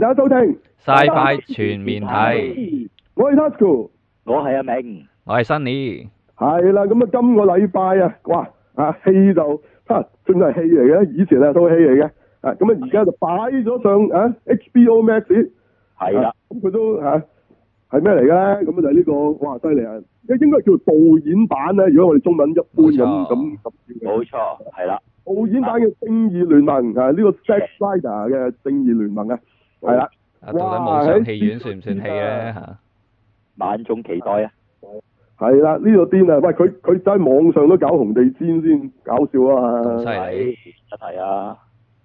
大家收聽，Sci-Fi 全面睇。我係 Tasuku，我係阿明，我係 Sunny 係啦，咁啊，今個禮拜啊，哇啊，戲就哈，真係戲嚟嘅。以前係套戲嚟嘅啊，咁啊，而家就擺咗上啊 HBO Max 的。係啦、啊，咁佢都吓係咩嚟嘅？咁、啊、就係呢、這個哇，犀利啊！應該叫做導演版咧。如果我哋中文一般咁咁咁冇錯，係啦錯，嗯、導演版嘅《正義聯盟、嗯啊這個、盟》啊，呢個《Zack Snyder》嘅《正義聯盟》啊。係啦，阿杜喺網上戲院算唔算戲咧、啊？吓，萬眾期待啊！係啦，呢度癲啊！喂，佢佢就喺網上都搞紅地氈先搞笑啊嘛！係、哎，係的、哎、啊，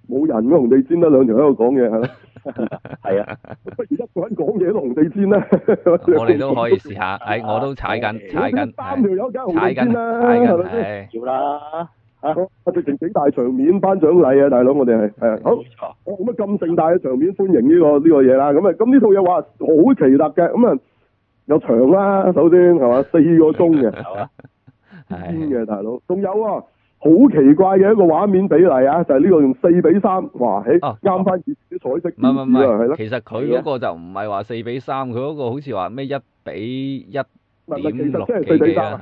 冇人嘅紅地氈得兩條喺度講嘢係咯，係啊，不如一個人講嘢都紅地氈啦！ 我哋都可以試下，哎，我都踩緊踩緊三條友一間踩緊啦，少啦。啊！我直情幾大場面頒獎禮啊，大佬，我哋係係好，我咁啊咁盛大嘅場面歡迎呢、這個呢、這個嘢啦。咁啊咁呢套嘢話好奇特嘅。咁、嗯、啊又長啦，首先係嘛四個鐘嘅，係啊 的，癲嘅吧大佬。仲有啊，好奇怪嘅一個畫面比例啊，就係、是、呢、這個用四比三。哇，起啱加翻少少彩色，彩色，彩色，唔係唔係唔係，其實佢嗰個就唔係話四比三，佢嗰個好似話咩一比一點六幾比啊。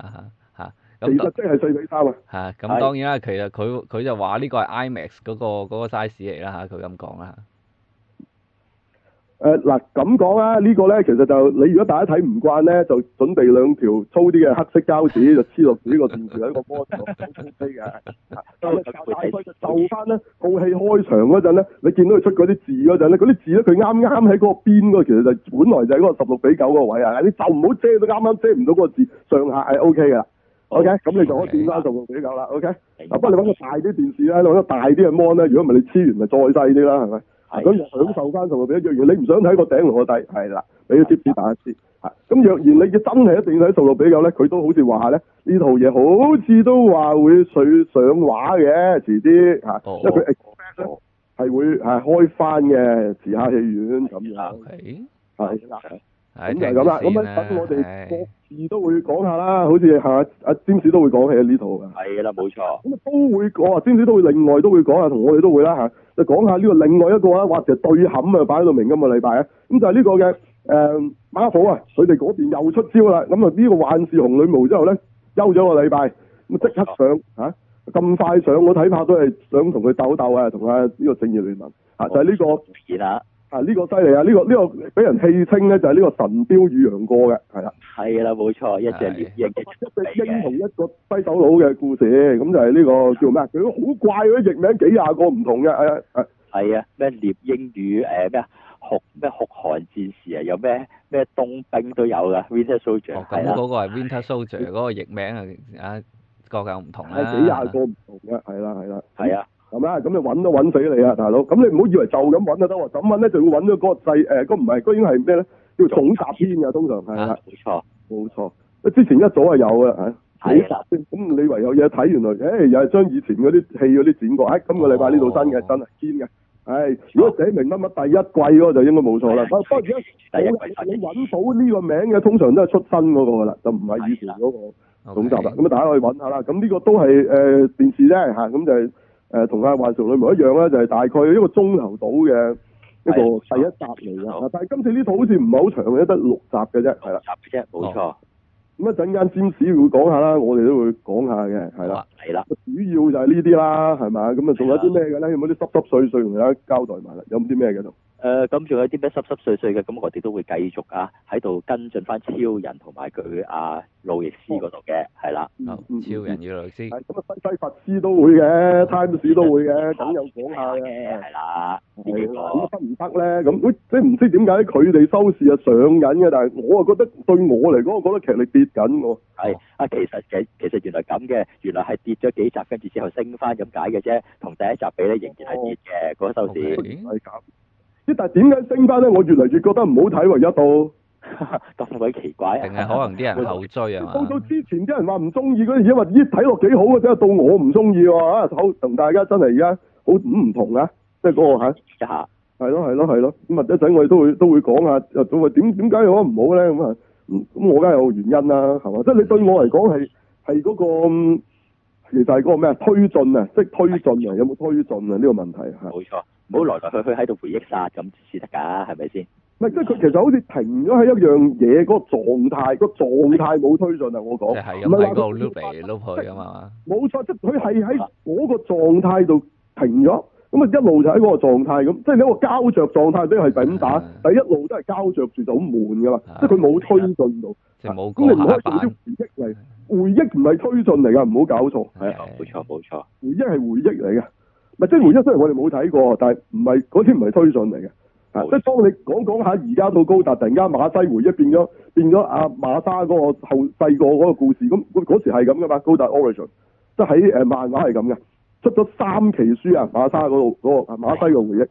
其實即係四比三啊，係啊，咁當然啦，其實佢佢就話呢個係 IMAX 嗰個個 size 嚟啦，吓，佢咁講啦。誒，嗱咁講啦，呢個咧，其實就你如果大家睇唔慣咧，就準備兩條粗啲嘅黑色膠紙就黐落住呢個電視喺個玻璃上飛嘅。但係大塊就就翻咧，浩氣開場嗰陣咧，你見到佢出嗰啲字嗰陣咧，嗰啲字咧佢啱啱喺嗰個邊嗰，其實就是、本來就喺嗰個十六比九嗰個位啊，你就唔好遮都啱啱遮唔到嗰個字，上下係 OK 噶啦。O K，咁你就可以變翻十六比九啦。O K，嗱不過你揾個大啲電視咧，你揾個大啲嘅 mon 咧。如果唔係你黐完，咪再細啲啦，係咪？係。咁享受翻十六比九，若然你唔想睇個頂同個底，係啦，俾個 tips 大家先嚇。咁若然你要真係一定要睇十六比九咧，佢都好似話咧呢套嘢好似都話會上上畫嘅，遲啲嚇，因為佢係會係開翻嘅時下戲院咁樣。係。係。咁就咁啦，咁樣等我哋各自都會講下啦，好似阿阿詹士都會講起呢套嘅，係啦冇錯，咁都會講啊，詹士都會另外都會講啊，同我哋都會啦嚇，就講下呢個另外一個啊，或者實對冚啊擺喺度明今個禮拜啊，咁、嗯、就係、是、呢個嘅誒、呃，馬好啊，佢哋嗰邊又出招啦，咁啊呢個幻視紅女巫之後咧休咗個禮拜，咁即刻上嚇咁快上，我睇怕都係想同佢鬥鬥啊，同啊呢個正義聯盟嚇就係、是、呢、這個。啊！呢個犀利啊！呢個呢個俾人戲稱咧，就係呢個神雕與楊過嘅，係啦。係啦，冇錯，一隻獵，一隻英雄，一個低手佬嘅故事。咁就係呢個叫咩？佢好怪嗰啲譯名，幾廿個唔同嘅誒誒。係啊，咩獵鷹與誒咩？酷咩酷寒戰士啊？有咩咩冬兵都有㗎。Winter Soldier 咁嗰個係 Winter Soldier 嗰個譯名啊，啊個個唔同啦。幾廿個唔同嘅，係啦係啦。係啊。係咪咁，你揾都揾死你啊，大佬！咁你唔好以為就咁揾就得喎。咁揾咧？就會揾到嗰個細誒。咁唔係，居然係咩咧？叫總集篇嘅，通常係啦。冇錯，啊，冇錯。之前一早啊的有嘅吓。總集篇。咁你唯有嘢睇，原來誒、欸、又係將以前嗰啲戲嗰啲剪過。誒、啊，今個禮拜呢套新嘅，哦哦，真，真、哎、啊，堅嘅。誒，如果寫明乜乜第一季嗰個，就應該冇錯啦。不過而家你有揾到呢個名嘅，通常都係出身嗰、那個噶啦，就唔係以前嗰個總集啦。咁啊的，嗯、大家可以揾下啦。咁呢個都係誒電視咧吓，咁、啊、就是。誒同阿華尚女冇一樣啦，就係大概一個鐘頭到嘅一個第一集嚟㗎。但係今次呢套好似唔係好長嘅，得六集嘅啫，係啦。冇錯。咁一陣間詹士會講下啦，我哋都會講下嘅，係啦。係啦。主要就係呢啲啦，係咪？咁啊，仲有啲咩嘅咧？有冇啲濕濕碎碎同大家交代埋啦？有冇啲咩嘅？誒，咁仲有啲咩濕濕碎碎嘅？咁我哋都會繼續啊，喺度跟進翻超人同埋佢啊露易斯嗰度嘅，係啦，超人與露易斯，咁啊西西弗斯都會嘅，Times 都會嘅，總有講下嘅，係啦，係咁得唔得咧？咁，喂，即係唔知點解佢哋收視啊上緊嘅，但係我啊覺得對我嚟講，我覺得劇力跌緊喎。係啊，其實其其實原來咁嘅，原來係跌咗幾集，跟住之後升翻咁解嘅啫，同第一集比咧仍然係跌嘅嗰收視。但係點解升翻咧？我越嚟越覺得唔好睇為一度，咁鬼 奇怪、啊，定係可能啲人後追啊？到到 吧之前啲人話唔中意嗰啲，而家話咦睇落幾好嘅啫，到我唔中意喎啊！好同大家真係而家好唔同啊，即係嗰個吓，係咯係咯係咯，咁或者等我哋都會都會講下，又點點解我唔好咧咁啊？咁我梗係有原因啦、啊，係嘛？即係你對我嚟講係係嗰個，其實係嗰個咩啊？推進啊，即係推進啊？有冇推進啊？呢個問題係冇錯。唔好來來去去喺度回憶殺咁先得㗎，係咪先？唔 即係佢其實好似停咗喺、嗯、一樣嘢嗰個狀態，個狀態冇推進啊！我講即係咁嚟個 loop 來 loop 去㗎嘛。冇錯，即係佢係喺嗰個狀態度停咗，咁啊一路就喺嗰個狀態咁，即係呢個膠著狀態都係咁打，第、啊、一路都係膠著住就好悶㗎嘛，啊、即係佢冇推進到。即係冇功法。咁、嗯、你唔可以做啲回憶嚟，回憶唔係推進嚟㗎，唔好搞錯。係啊，冇錯冇錯，錯錯回憶係回憶嚟㗎。唔即係回憶，雖然我哋冇睇過，但係唔係嗰啲唔係推進嚟嘅。 啊，即係當你講講下而家到高達，突然間馬西回憶變咗變咗阿、啊、馬沙嗰個後細個個故事，咁嗰嗰時係咁噶嘛？高達 Origin，即係喺誒漫畫係咁嘅，出咗三期書啊，馬沙嗰度嗰個、那個、馬西嘅回憶，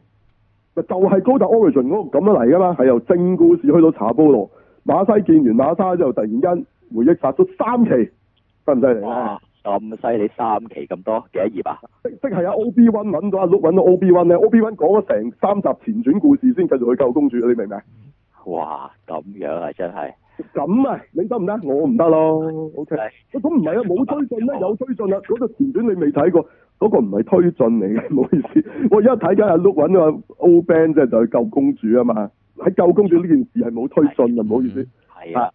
就係、是、高達 Origin 嗰、那個咁樣嚟噶嘛？係由正故事去到茶波羅，馬西見完馬沙之後，突然間回憶殺咗三期，犀唔犀利啊？咁犀利三期咁多幾多頁啊？即係阿 O B One 揾到阿 Luke 揾到、OR、O B One 咧，O B One 講咗成三集前傳故事先繼續去救公主，你明唔明？哇，咁樣啊，真係咁啊，你得唔得？我唔得咯，O K。咁唔係啊，冇推進啦，哎、有推進啊。嗰、那個前傳你未睇過，嗰、那個唔係推進嚟嘅，唔好意思。 我而家睇緊阿 Luke 揾個 O b a n 即係就去救公主啊嘛，喺救公主呢件事係冇推進啊，唔好意思。係啊。呀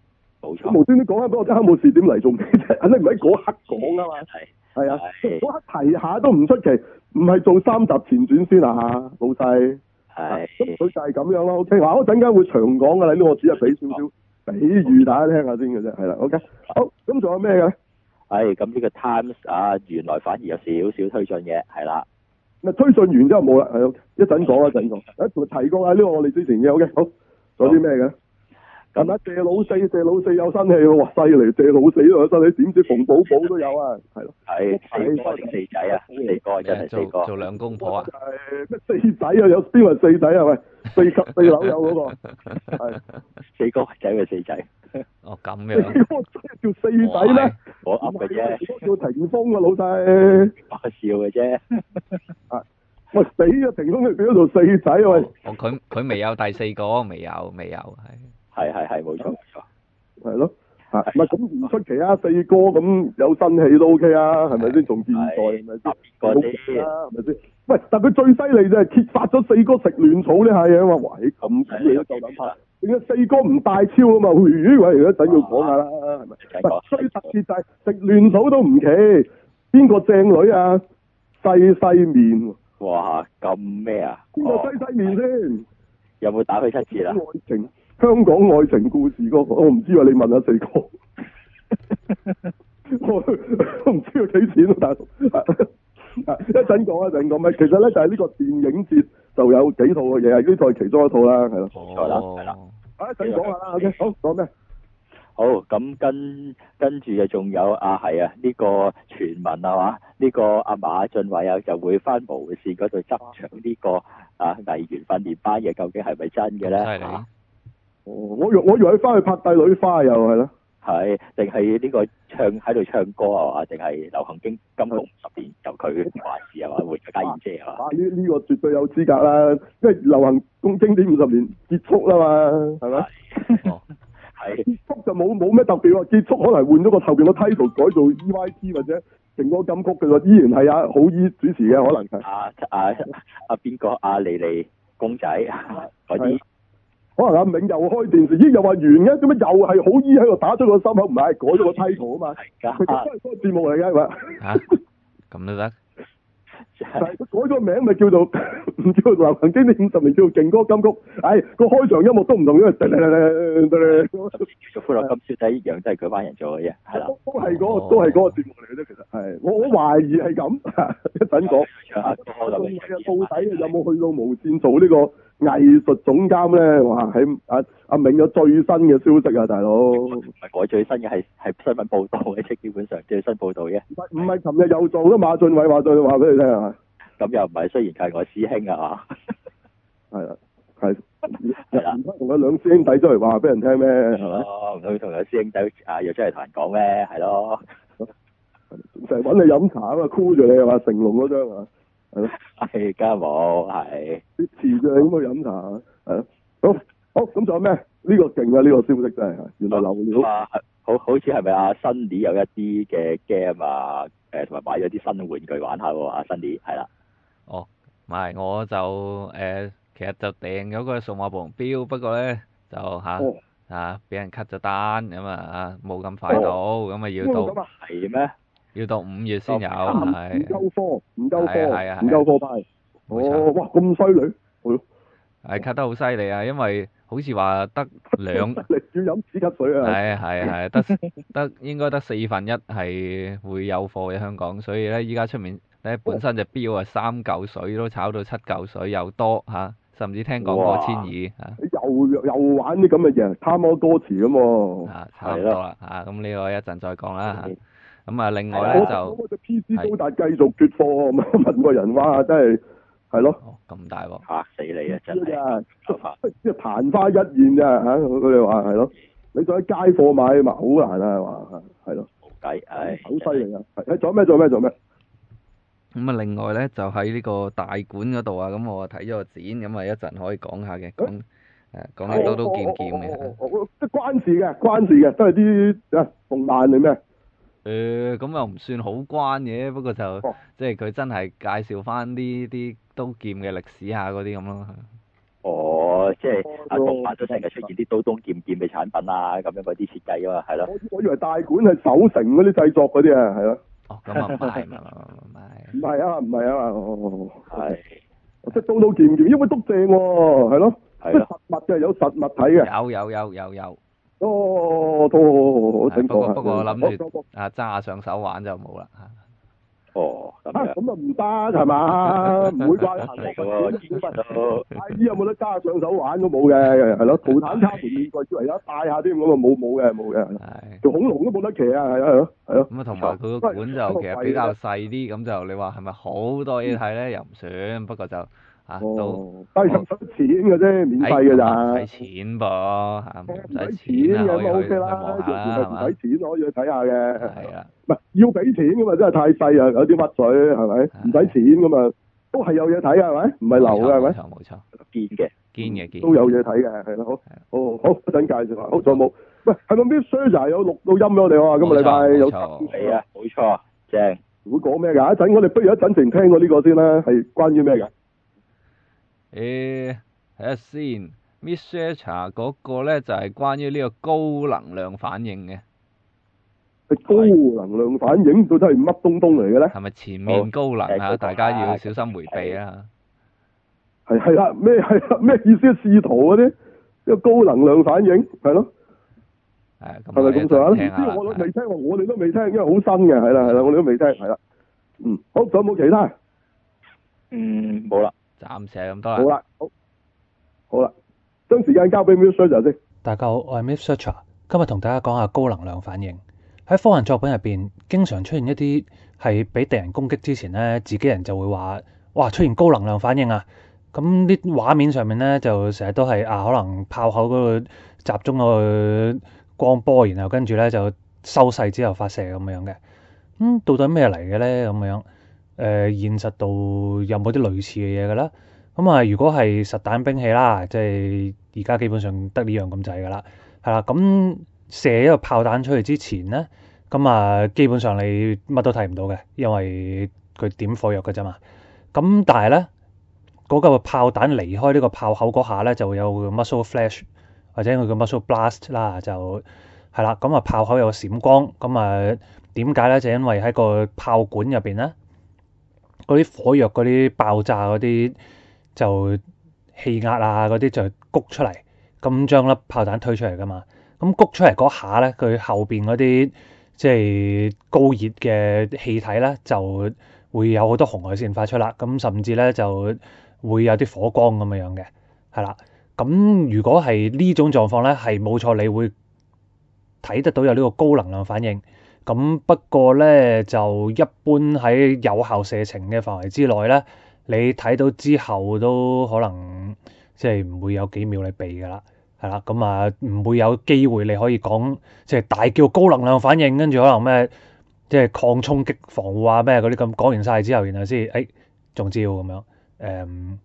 冇無端端講下俾我聽下，冇事點嚟做嘅啫，你唔係嗰刻講啊嘛。係係啊，嗰刻提下都唔出奇，唔係做三集前傳先啊，老細。係，咁佢就係咁樣咯。OK，嗱，我陣間會長講噶啦，呢個只係俾少少比喻大家聽下先嘅啫。係啦，OK。好，咁仲有咩嘅？係咁呢個 Times 啊，原來反而有少少推進嘅，係啦。咪推進完之後冇啦，係。一陣講一陣講。誒，提供下呢個我哋之前嘅，OK。好，仲有啲咩嘅？係咪謝老四？謝老四有生氣喎，犀利！謝老四啊，老細你點知馮寶寶都有啊？係咯，係的四四仔啊，四哥真係四哥，做兩公婆啊？咩四仔啊？有邊個四仔係咪？四十四樓有嗰個？係四哥仔咪四仔？哦，咁樣？四哥真係叫四仔咩？我噏嘅啫。我叫霆鋒啊，老細。搞笑嘅啫。啊！喂，死啊！霆鋒佢變咗做四仔喂？哦，佢佢未有第四個，未有未有係。係係係，冇錯冇錯，係咯，吓，係咁唔出奇啊，四哥咁有新戲都 OK 啊係咪先，仲年代啲咪先？啦係咪先，喂，但佢最犀利就係揭發咗四哥食嫩草呢下嘢啊嘛，哇，嘿，咁嘢都夠膽拍，點解四哥唔帶超啊嘛？喂喂，一陣要講下啦，係咪唔，最特別就食嫩草都唔奇，邊個正女啊，細細面，哇，咁咩啊，邊個西西面先有冇打佢七折啊香港愛情故事嗰個我唔知啊，你問阿、啊、四哥， 我我唔知要幾錢咯、啊，大一陣講一陣講咩？其實咧就係、是、呢個電影節就有幾套嘅嘢，呢套其中一套啦，係咯、啊，係啦、哦，係啦、啊。說說一陣講下啦，OK，好講咩？好，咁跟跟住就仲有啊，係啊，呢、這個傳聞啊。嘛、這個啊？呢個阿馬俊偉啊就會翻無綫嗰度執長呢個啊藝員訓練班嘢，究竟係咪真嘅咧？係啊。我以我以為翻去拍《帝女花》又係咯，係定係呢個唱喺度唱歌啊？定係流行經金曲五十年由佢？話事啊嘛，換咗家姐啊嘛。呢呢個絕對有資格啦，因為流行經典五十年結束啦嘛，係咪？係的。 結束就冇冇咩特別喎，結束可能換咗個後邊個 title 改做 E Y T 或者成個金曲，佢話依然係啊，好依主持嘅，可能、啊。阿阿阿邊個？阿莉莉公仔啲。的的可能阿銘又開電視，咦又話原因，點解又係好依喺度打咗個心口？唔係改咗個梯圖啊嘛，係啊，都係嗰個節目嚟嘅，咁都得。改咗個名咪叫做唔知流行經典，五十年叫做勁歌金曲，唉，個開場音樂都唔同樣，嚟嚟嚟嚟嚟。做歡樂今宵一樣，都係佢班人做嘅嘢，係啦，都係嗰個，都係個節目嚟嘅啫。其實係，我好懷疑係咁，一陣講到底有冇去到無綫做呢個？藝術總監咧話喺阿阿銘咗最新嘅消息啊，大佬唔係改最新嘅，係係新聞報道嘅，即係基本上最新報道嘅。唔係唔係，琴日又做咯。馬俊偉話對話俾你聽啊。咁 又唔係，雖然佢係我師兄啊嘛。係 啦，係係啦，同佢兩師兄弟出嚟話俾人聽咩？係 咪、 啊？唔通要同兩師兄弟啊又出嚟同人講咩？係 咯 ，成日揾你飲茶啊嘛，箍住你啊嘛，成龍嗰張啊。 係家係噶冇係。持續咁去飲茶，係啦， 好，好咁仲有咩？呢、這個勁啊，呢、這個消息真係，原來流料、這個、啊，好好似係咪阿 Sunny 有一啲嘅 game 啊，誒、呃，同埋買咗啲新玩具玩下、啊，阿 Sunny 係啦。Ny，哦，唔係，我就誒、呃，其實就訂咗個數碼暴龍表，不過咧就吓啊，俾、哦啊、人 cut 咗單咁啊，冇咁快到，咁啊、哦、要到。咁係咩？要到五月先有，係唔夠貨，唔夠貨，唔夠貨批。哦，哇，咁犀利，係、哎、咯。咳、哎、得好犀利啊！因為好似話得兩， 要飲止咳水啊！係啊係啊係得得應該得四分一係會有貨嘅香港，所以咧依家出面咧本身就標啊三嚿水都炒到七嚿水又多吓、啊，甚至聽講過千二啊！又又玩啲咁嘅嘢，貪多多持啊嘛。差唔多啦，啊咁呢個一陣再講啦。咁啊，另外咧的就，PC 高達繼續絕貨，咁的問個人話，真係係咯，咁、哦、大鑊嚇死你啊！真係，即係曇花一現啫嚇，佢哋話係咯，你再喺街貨買咪好難啊，係嘛，係咯，冇、哎、計，係，好犀利啊！係，做咩做咩做咩？咁啊，另外咧就喺呢個大館嗰度啊，咁我睇咗個展，咁啊一陣可以講下嘅，講誒、欸、講起刀刀劍劍嘅，即係關事嘅，關事嘅，都係啲啊動漫定咩？誒咁、欸、又唔算好關嘅，不過就即係佢真係介紹翻呢啲刀劍嘅歷史下嗰啲咁咯。哦，即係是阿、哦、東亞都成日出現啲刀刀劍劍嘅產品啊，咁樣嗰啲設計啊嘛，係咯。我以為大館係守城嗰啲製作嗰啲、哦、啊，係咯。哦，咁啊，唔唔係。啊，唔係啊，係即係刀刀劍劍，因為都正喎，係咯，即係咯實物即係有實物睇嘅。有有有有有。有有哦，都好，好清楚。不過不過，我諗住啊，揸下上手玩就冇啦嚇。哦，嚇，咁啊唔得係嘛？唔會掛下不到有冇得揸下上手玩都冇嘅，係咯，逃蛋差唔多帶下啲咁啊冇冇嘅冇嘅。係恐龍都冇得騎啊，係啊係咯係咯。咁啊，同埋佢個館就其實比較細啲，咁就你話係咪好多嘢睇咧？又唔算，不過就。吓都，但係唔使錢嘅啫，免費嘅咋？使錢噃吓？唔使錢嘅咪好啦，做住咪唔使錢可以去睇下嘅。係啊，唔係要俾錢嘅嘛？真係太細啊，有啲屈水係咪？唔使錢嘅嘛，都係有嘢睇嘅係咪？唔係流嘅係咪？冇錯冇錯，堅嘅堅嘅堅，都有嘢睇嘅係啦。好哦，好一陣介紹下。好仲冇？喂，係咪 Mythsearcher 有錄到音啊？我哋話今日禮拜有睇啊，冇錯正。會講咩噶？一陣我哋不如一陣先聽我呢個先啦。係關於咩噶？誒，睇下先，Mythsearcher，嗰個咧，就係關於呢個高能量反應嘅。高能量反應到底係乜東東嚟嘅咧？係咪前面高能啊？大家要小心回避啦。係係啦，咩係啦？咩意思？試圖嗰啲，呢個高能量反應係咯。係係咪咁樣？唔知我未聽過，我哋都未聽，因為好新嘅，係啦係啦，我哋都未聽，係啦。嗯，好，仲有冇其他？嗯，冇啦。暫時係咁多啦、啊。好啦，好，好啦，將時間交俾 Mythsearcher 先。大家好，我係 Mythsearcher 今日同大家講下高能量反應。喺科幻作品入邊，經常出現一啲係俾敵人攻擊之前咧，自己人就會話：，哇，出現高能量反應啊！咁啲畫面上面咧，就成日都係啊，可能炮口嗰個集中個光波，然後跟住咧就收細之後發射咁樣嘅。嗯，到底咩嚟嘅咧？咁樣？誒現實度有冇啲類似嘅嘢㗎啦？咁啊，如果係實彈兵器啦，即係而家基本上得呢樣咁滯㗎啦，係啦。咁射一個炮彈出去之前咧，咁啊基本上你乜都睇唔到嘅，因為佢點火藥㗎啫嘛。咁但係咧，嗰嚿炮彈離開呢個炮口嗰下咧，就會有 muzzle flash 或者佢嘅 muzzle blast 啦，就係啦。咁啊炮口有閃光，咁啊點解咧？就因為喺個炮管入邊咧。嗰啲火藥、嗰啲爆炸、嗰啲就氣壓啊、嗰啲就谷出嚟，咁將粒炮彈推出嚟㗎嘛。咁谷出嚟嗰下咧，佢後邊嗰啲即係高熱嘅氣體咧，就會有好多紅外線發出啦。咁甚至咧就會有啲火光咁樣樣嘅，係啦。咁如果係呢種狀況咧，係冇錯，你會睇得到有呢個高能量反應。咁不過咧，就一般喺有效射程嘅範圍之內咧，你睇到之後都可能即係唔會有幾秒你避㗎啦，係啦，咁啊唔會有機會你可以講即係大叫高能量反應，跟住可能咩即係抗衝擊防護啊咩嗰啲咁講完晒之後，然後先仲中招咁樣，誒，嗯，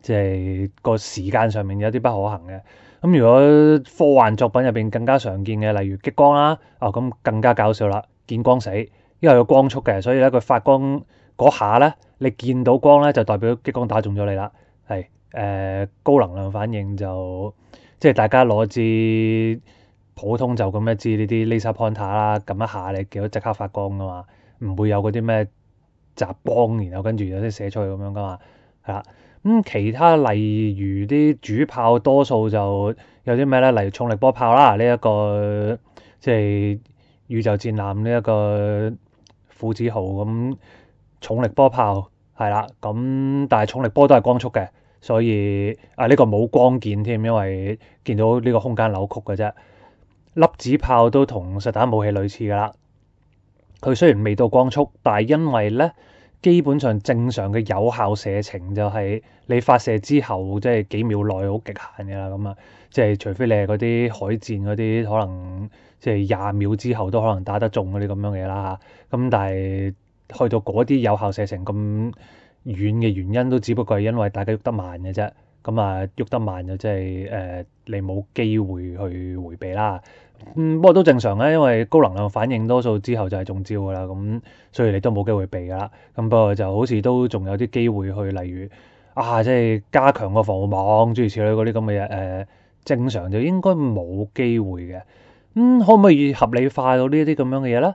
即係個時間上面有啲不可行嘅。咁如果科幻作品入邊更加常見嘅，例如激光啦，哦，咁更加搞笑啦，見光死，因為有光速嘅，所以咧佢發光嗰下咧，你見到光咧就代表激光打中咗你啦。係誒、呃、高能量反應就，就即係大家攞支普通就咁一支呢啲 laser pointer 啦，撳、er、一下你見到即刻發光噶嘛，唔會有嗰啲咩雜光，然後跟住有啲寫出去咁樣噶嘛，係啦。咁其他例如啲主炮，多數就有啲咩咧？例如重力波炮啦，呢、這、一個即係宇宙戰艦呢一個父子號咁、嗯、重力波炮係啦，咁、嗯、但係重力波都係光速嘅，所以啊呢、這個冇光劍添，因為見到呢個空間扭曲嘅啫。粒子炮都同實彈武器類似噶啦，佢雖然未到光速，但係因為咧。基本上正常嘅有效射程就係你發射之後，即係幾秒內好極限㗎啦，咁啊，即係除非你係嗰啲海戰嗰啲，可能即係廿秒之後都可能打得中嗰啲咁樣嘢啦嚇。咁但係去到嗰啲有效射程咁遠嘅原因，都只不過係因為大家喐得慢嘅啫。咁啊，喐得慢就即係誒，你冇機會去回避啦。嗯，不過都正常咧、啊，因為高能量反應多數之後就係中招噶啦，咁所以你都冇機會避噶啦。咁不過就好似都仲有啲機會去，例如啊，即、就、係、是、加強個防護網諸如此類嗰啲咁嘅嘢。誒、呃，正常就應該冇機會嘅。咁、嗯、可唔可以合理化到這這呢一啲咁樣嘅嘢咧？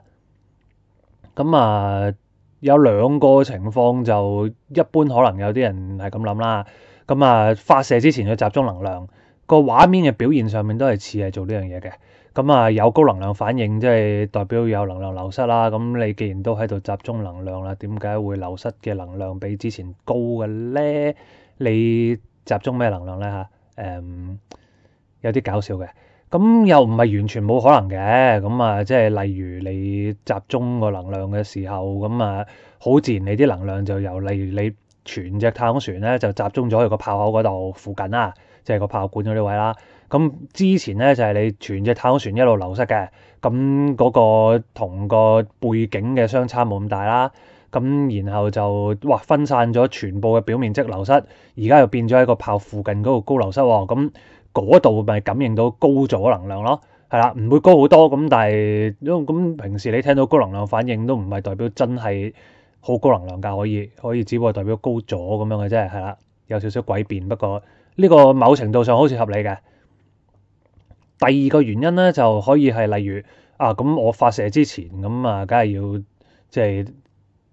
咁啊，有兩個情況就一般可能有啲人係咁諗啦。咁、嗯、啊，發射之前要集中能量，個畫面嘅表現上面都係似係做呢樣嘢嘅。咁啊、嗯，有高能量反應，即係代表有能量流失啦。咁、嗯、你既然都喺度集中能量啦，點解會流失嘅能量比之前高嘅咧？你集中咩能量咧？嚇，誒，有啲搞笑嘅。咁、嗯、又唔係完全冇可能嘅。咁、嗯、啊、嗯，即係例如你集中個能量嘅時候，咁、嗯、啊，好自然你啲能量就由例如你全隻太空船咧，就集中咗去個炮口嗰度附近啦、啊，即係個炮管嗰啲位啦、啊。咁之前咧就係、是、你全隻太空船一路流失嘅，咁嗰個同個背景嘅相差冇咁大啦。咁然後就哇分散咗全部嘅表面積流失，而家又變咗喺個炮附近嗰個高流失喎。咁嗰度咪感應到高咗能量咯，係啦，唔會高好多咁。但係因咁平時你聽到高能量反應都唔係代表真係好高能量噶，可以可以只不過代表高咗咁樣嘅啫，係啦，有少少詭辯。不過呢、這個某程度上好似合理嘅。第二個原因咧，就可以係例如啊，咁我發射之前咁啊，梗係要即係、即係、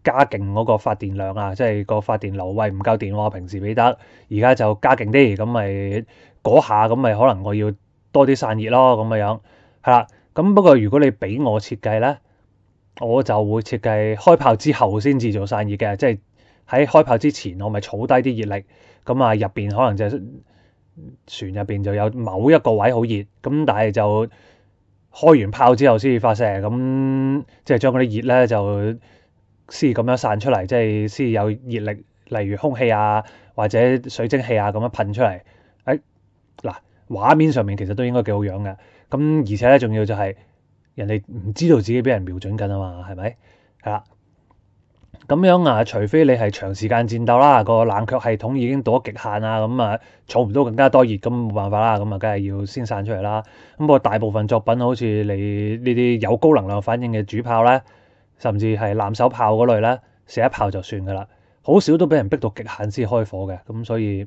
加勁嗰個發電量啊，即係個發電流位唔夠電喎，平時俾得，而家就加勁啲，咁咪嗰下咁咪可能我要多啲散熱咯，咁嘅樣係啦。咁不過如果你俾我設計咧，我就會設計開炮之後先至做散熱嘅，即係喺開炮之前我咪儲低啲熱力，咁啊入邊可能就係。船入邊就有某一個位好熱，咁但係就開完炮之後先至發射，咁即係將嗰啲熱咧就先咁樣散出嚟，即係先有熱力，例如空氣啊或者水蒸氣啊咁樣噴出嚟。誒嗱畫面上面其實都應該幾好樣嘅，咁而且咧仲要就係人哋唔知道自己俾人瞄準緊啊嘛，係咪？係啦。咁樣啊，除非你係長時間戰鬥啦，個冷卻系統已經到咗極限啊，咁啊儲唔到更加多熱，咁冇辦法啦，咁啊梗係要先散出嚟啦。咁、嗯、不過大部分作品好似你呢啲有高能量反應嘅主炮咧，甚至係攬手炮嗰類咧，射一炮就算噶啦，好少都俾人逼到極限先開火嘅。咁、嗯、所以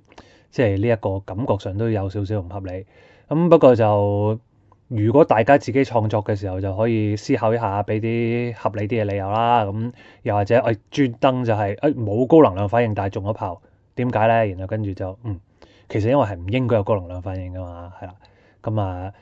即係呢一個感覺上都有少少唔合理。咁、嗯、不過就。如果大家自己創作嘅時候，就可以思考一下，畀啲合理啲嘅理由啦。咁又或者，誒專登就係誒冇高能量反應，但係中咗炮，點解咧？然後跟住就嗯，其實因為係唔應該有高能量反應㗎嘛，係啦。咁、嗯、啊，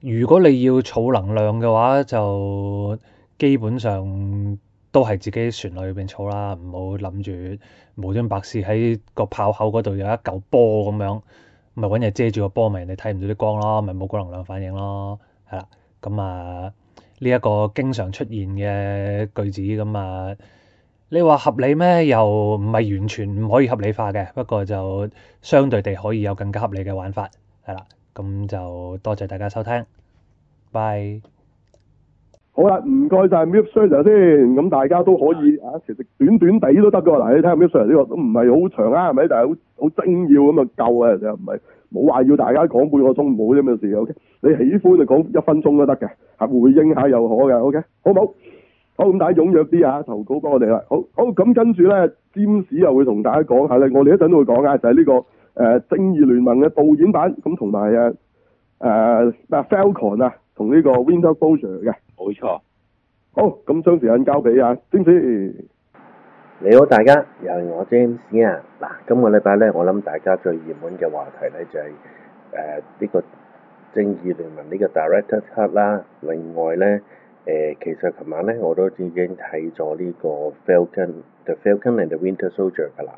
如果你要儲能量嘅話，就基本上都係自己船入邊儲啦，唔好諗住無端白事喺個炮口嗰度有一嚿波咁樣。咪揾嘢遮住個波咪，你睇唔到啲光咯，咪冇高能量反應咯，係啦。咁啊，呢一個經常出現嘅句子咁啊，你話合理咩？又唔係完全唔可以合理化嘅，不過就相對地可以有更加合理嘅玩法，係啦。咁就多謝大家收聽，拜。好啦，唔該晒。Milton 先，咁大家都可以啊。其實短短啲都得噶嗱，你睇下 Milton 呢個都唔係好長啊，係咪？但係好好精要咁啊，夠啊，就唔係冇話要大家講半個鐘唔好啫嘛。有事 OK，你喜歡就講一分鐘都得嘅，係回應下又可嘅。OK，好唔好？好咁，大家踴躍啲啊，投稿俾我哋啦。好好咁，跟住咧，詹士又會同大家講下咧。我哋一陣都會講嘅就係、是、呢、這個誒《星意聯盟》嘅導演版咁，同埋、呃、啊誒 Falcon 啊同呢個 Winter Soldier 嘅。冇錯，錯好，咁將時間交俾啊 James 你好，大家，又係我 James 啊。嗱，yeah. 今個禮拜咧，我諗大家最熱門嘅話題咧就係誒呢個《正義聯盟》呢、這個 Director's Cut 啦。另外咧，誒、呃、其實琴晚咧我都已經睇咗呢個《Falcon》《The Falcon and the Winter Soldier》噶啦。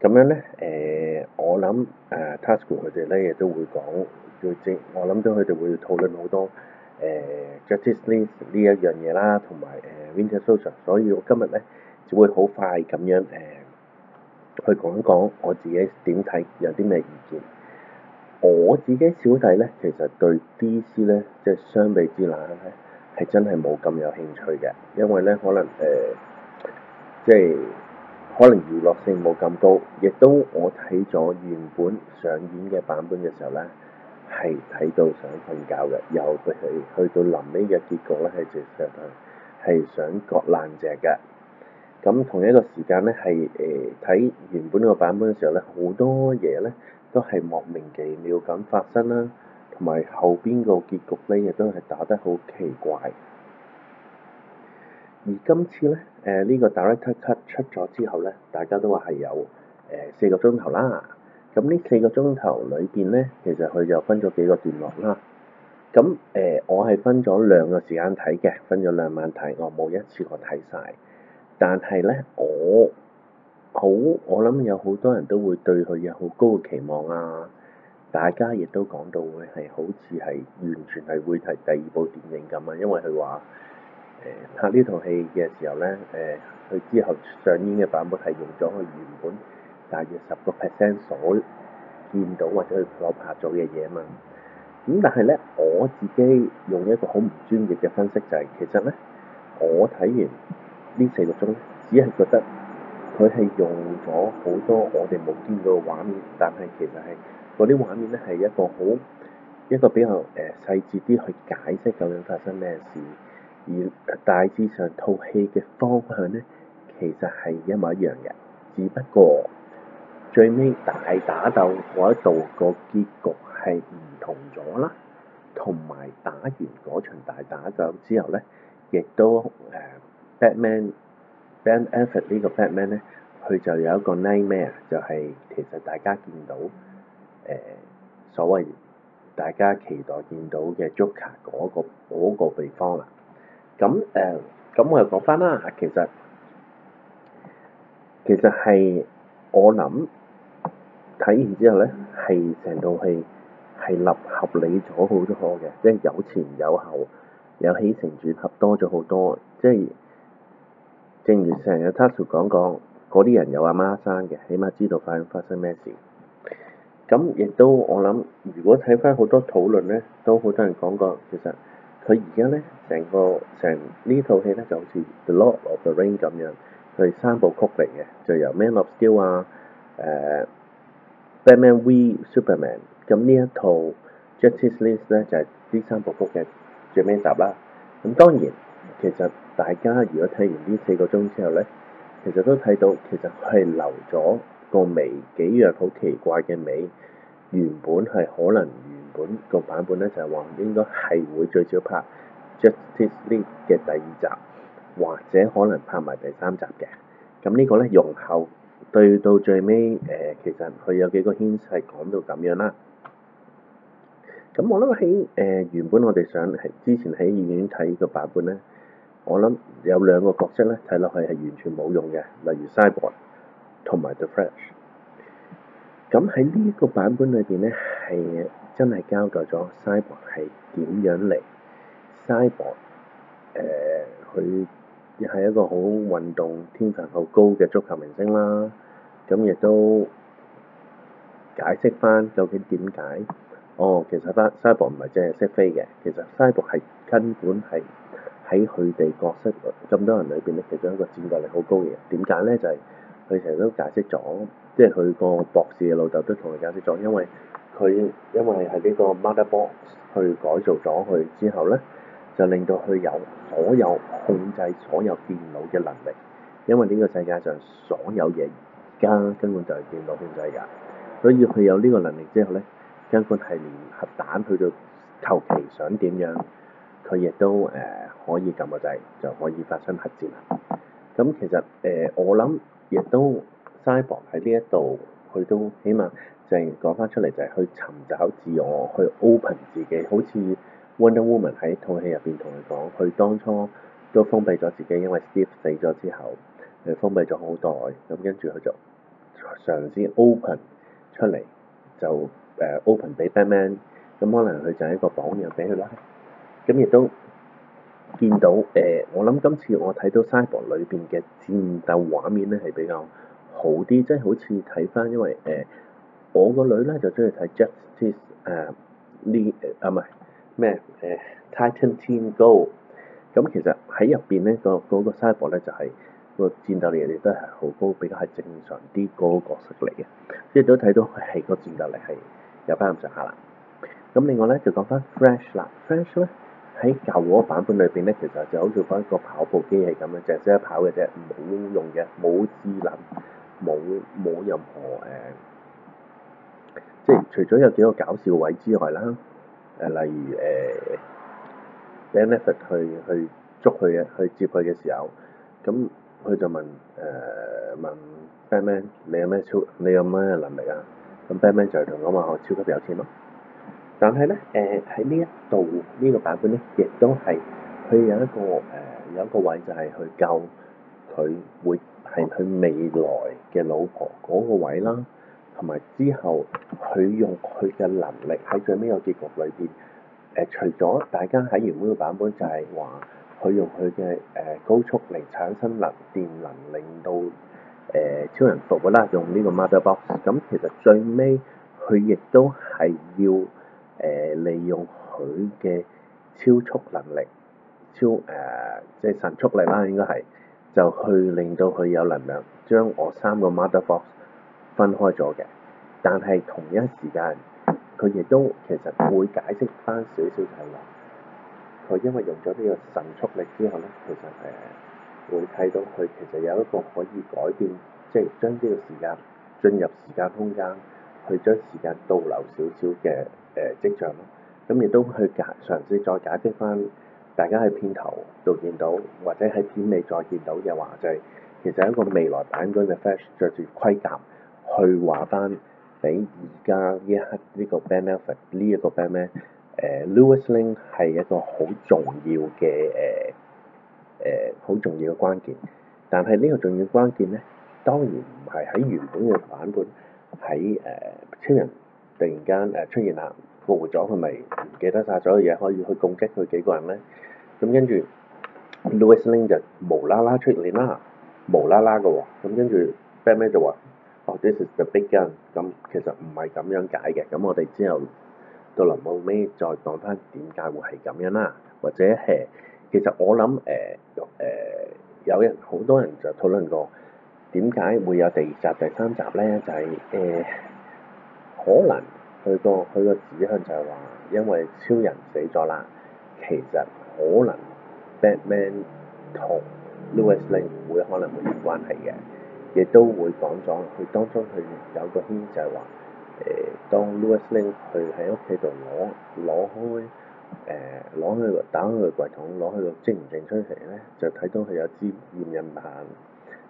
咁樣咧，誒我諗誒、呃、Tasuku 佢哋咧亦都會講，最正我諗到佢哋會討論好多。誒 Justice League 呢一樣嘢啦，同埋誒 Winter Soldier，所以我今日咧就會好快咁樣誒、呃、去講講我自己點睇，有啲咩意見。我自己小弟咧，其實對 DC 咧，即係相比之下咧，係真係冇咁有興趣嘅，因為咧可能誒、呃，即係可能娛樂性冇咁高，亦都我睇咗原本上演嘅版本嘅時候咧。係睇到想瞓覺嘅，又係去到臨尾嘅結局咧，係直上係想割爛隻嘅。咁同一個時間咧，係誒睇原本個版本嘅時候咧，好多嘢咧都係莫名其妙咁發生啦，同埋後邊個結局咧亦都係打得好奇怪。而今次咧，誒、呃、呢、這個 director cut 出咗之後咧，大家都話係有誒四、呃、個鐘頭啦。咁呢四個鐘頭裏邊呢，其實佢就分咗幾個段落啦。咁誒、呃，我係分咗兩個時間睇嘅，分咗兩晚睇，我冇一次過睇晒，但係呢，我好，我諗有好多人都會對佢有好高嘅期望啊！大家亦都講到會係好似係完全係會睇第二部電影咁啊，因為佢話誒拍呢套戲嘅時候呢，誒、呃、佢之後上映嘅版本係用咗佢原本。大約十個 percent 所見到或者佢所拍咗嘅嘢嘛，咁但係咧，我自己用一個好唔專業嘅分析就係、是，其實咧，我睇完呢四個鐘只係覺得佢係用咗好多我哋冇見到嘅畫面，但係其實係嗰啲畫面咧係一個好一個比較誒細節啲去解釋究竟發生咩事，而大致上套戲嘅方向咧，其實係一模一樣嘅，只不過。最尾大打鬥嗰一度個結局係唔同咗啦，同埋打完嗰場大打鬥之後咧，亦都誒 Batman，Ben Affleck 呢個 Batman 咧，佢就有一個 nightmare，就係其實大家見到誒所謂大家期待見到嘅 Joker 嗰個嗰個地方啦。咁誒咁我又講翻啦，其實其實係我諗。睇完之後咧，係成套戲係立合理咗好多嘅，即係有前有後，有起承轉合多咗好多。即係正如成日 Tasuku 講講，嗰啲人有阿媽，媽生嘅，起碼知道發生發生咩事。咁亦都我諗，如果睇翻好多討論咧，都好多人講講，其實佢而家咧成個成呢套戲咧就好似 The Lord of the Rings 咁樣，佢三部曲嚟嘅，就由 Man of Steel 啊，誒、呃。Batman V Superman，咁呢一套 Justice League 咧就係、是、呢三部曲嘅最尾集啦。咁當然，其實大家如果睇完呢四個鐘之後咧，其實都睇到其實佢係留咗個尾幾樣，好奇怪嘅尾。原本係可能原本個版本咧就係話應該係會最少拍 Justice League 嘅第二集，或者可能拍埋第三集嘅。咁呢個咧用後。對到最尾，呃，其實佢有幾個 hint 係講到咁樣啦。咁我諗喺原本我哋想之前喺影院睇個版本咧，我諗有兩個角色咧睇落去係完全冇用嘅，例如 Cyborg 同埋 The Flash。咁喺呢一個版本裏邊咧，係真係交代咗 Cyborg 係點樣嚟，Cyborg 誒佢。亦係一個好運動天分好高嘅足球明星啦，咁亦都解釋返究竟點解，哦，其實巴沙博唔係淨係識飛嘅，其實沙博係根本係喺佢哋角色咁多人裏邊咧，其中一個戰鬥力好高嘅人。點解咧？就係佢成日都解釋咗，即係佢個博士嘅老豆都同佢解釋咗，因為佢因為係呢個 Mother Box 去改造咗佢之後咧。就令到佢有所有控制所有電腦嘅能力，因為呢個世界上所有嘢而家根本就係電腦控制㗎，所以佢有呢個能力之後咧，根本係連核彈去到求其想點樣，佢亦都誒可以撳個掣，就可以發生核戰啦。咁其實誒我諗亦都 Cyborg 喺呢一度，佢都起碼淨係講翻出嚟，就係去尋找自我，去 open 自己，好似～Wonder Woman 喺套戲入邊同佢講，佢當初都封閉咗自己，因為 Steve 死咗之後，佢封閉咗好耐，咁跟住佢就嘗試 open 出嚟，就誒 open 俾 Batman，咁可能佢就係一個榜樣俾佢啦。咁亦都見到誒，我諗今次我睇到 Cyber 裏邊嘅戰鬥畫面咧係比較好啲，即係好似睇翻，因為誒我個女咧就鍾意睇 Justice 誒、uh, 呢啊、uh, 唔係。咩？誒、呃、，Titan Team Go，咁其實喺入邊咧，嗰個嗰個 Cyborg 咧就係、是個戰鬥力亦都係好高，比較係正常啲個角色嚟嘅，即係都睇到係、個戰鬥力係有翻咁上下啦。咁另外咧就講翻 Flash 啦 Flash 咧喺舊嗰個版本裏邊咧，其實就好似返一個跑步機係咁樣，淨係識得跑嘅啫，冇用嘅，冇技能，冇冇任何誒，呃、 即係除咗有幾個搞笑位之外啦。例如誒、呃、，Ben Affleck 去去捉佢嘅，去接佢嘅時候，咁佢就問誒、呃、問 Batman：你有咩超？你有乜能力啊？咁 Batman 就同我講我超級有錢咯、啊。但係咧，誒喺呢一度呢個版本咧，亦都係佢有一個誒、呃、有一個位就係去救佢，會係佢未來嘅老婆嗰個位啦。同埋之後，佢用佢嘅能力喺最尾個結局裏邊、呃，除咗大家喺原本嘅版本就係話，佢用佢嘅誒高速嚟產生能電能，令到誒、呃、超人復活啦，用呢個 mother box。咁其實最尾佢亦都係要誒、呃、利用佢嘅超速能力，超誒、呃、即係神速力啦，應該係就去令到佢有能量，將我三個 mother box，分開咗嘅，但係同一時間，佢亦都其實會解釋翻少少嘅嘢。佢因為用咗呢個神速力之後咧，其實誒會睇到佢其實有一個可以改變，即係將呢個時間進入時間空間，去將時間倒流少少嘅誒跡象咯。咁亦都去解嘗試再解釋翻，大家喺片頭度見到，或者喺片尾再見到嘅話，就係其實一個未來版嘅 Flash 着住盔甲。去話翻畀而家呢刻呢個 Batman 呢一個 Batman，誒 Lois Lane 係一個好重要嘅誒誒好重要嘅關鍵，但係呢個重要關鍵咧，當然唔係喺原本嘅版本，喺誒超人突然間誒出現啦，復活咗佢咪唔記得晒所有嘢，可以去攻擊佢幾個人咧，咁跟住 Lois Lane 就無啦啦出現啦，無啦啦嘅喎，咁跟住 Batman 就話。This is the bigger，咁其實唔係咁樣解嘅。咁我哋之後到臨尾再講返點解會係咁樣啦，或者誒，其實我諗誒誒，有人好多人就討論過點解會有第二集第三集咧，就係、是、誒、呃、可能佢個佢個指向就係話，因為超人死咗啦，其實可能 Batman 同 Lois Lane 會可能會有關係嘅。亦都會講咗，佢當中佢有個謎就係話，誒，當 Lois Lane 去喺屋企度攞攞開，誒、呃，攞開打開個櫃桶攞去個證唔證出嚟咧，就睇到佢有支驗孕棒，